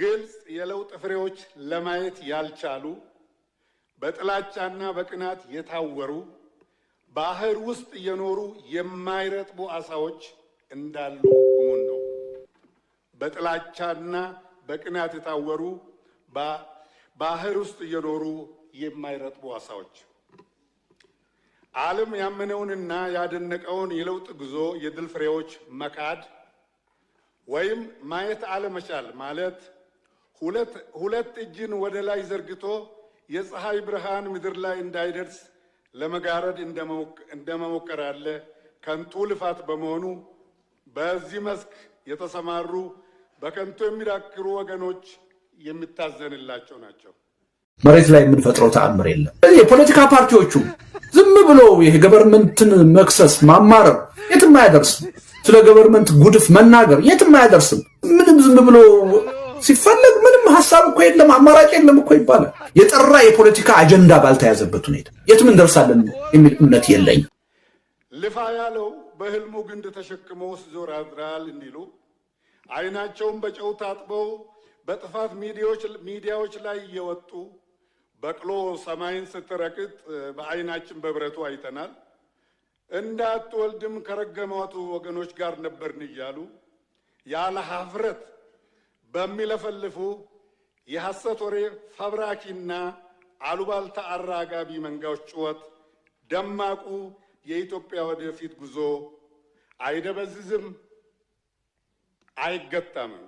ግልጽ የለውጥ ፍሬዎች ለማየት ያልቻሉ በጥላቻና በቅናት የታወሩ ባህር ውስጥ እየኖሩ የማይረጥቡ አሳዎች እንዳሉ እሙን ነው። በጥላቻና በቅናት የታወሩ ባህር ውስጥ እየኖሩ የማይረጥቡ አሳዎች ዓለም ያመነውንና ያደነቀውን የለውጥ ጉዞ የድል ፍሬዎች መካድ ወይም ማየት አለመቻል ማለት ሁለት እጅን ወደ ላይ ዘርግቶ የፀሐይ ብርሃን ምድር ላይ እንዳይደርስ ለመጋረድ እንደመሞከር ያለ ከንቱ ልፋት በመሆኑ በዚህ መስክ የተሰማሩ በከንቱ የሚዳክሩ ወገኖች የሚታዘንላቸው ናቸው። መሬት ላይ የምንፈጥረው ተአምር የለም። የፖለቲካ ፓርቲዎቹ ዝም ብሎ ይሄ ገቨርንመንትን መክሰስ፣ ማማረር የትም አያደርስም። ስለ ገቨርንመንት ጉድፍ መናገር የትም አያደርስም። ምንም ዝም ብሎ ሲፈለግ ምንም ሀሳብ እኮ የለም፣ አማራጭ የለም እኮ ይባላል። የጠራ የፖለቲካ አጀንዳ ባልተያዘበት ሁኔታ የትም እንደርሳለን የሚል እምነት የለኝም። ልፋ ያለው በህልሙ ግንድ ተሸክሞ ሲዞር ያድራል እንዲሉ አይናቸውን በጨው ታጥበው በጥፋት ሚዲያዎች ላይ እየወጡ በቅሎ ሰማይን ስትረቅጥ በአይናችን በብረቱ አይተናል። እንዳትወልድም ከረገማቱ ወገኖች ጋር ነበርን እያሉ ያለ ሀፍረት በሚለፈልፉ የሐሰት ወሬ ፈብራኪና አሉባልታ አራጋቢ መንጋዎች ጩኸት ደማቁ የኢትዮጵያ ወደፊት ጉዞ አይደበዝዝም፣ አይገጠምም።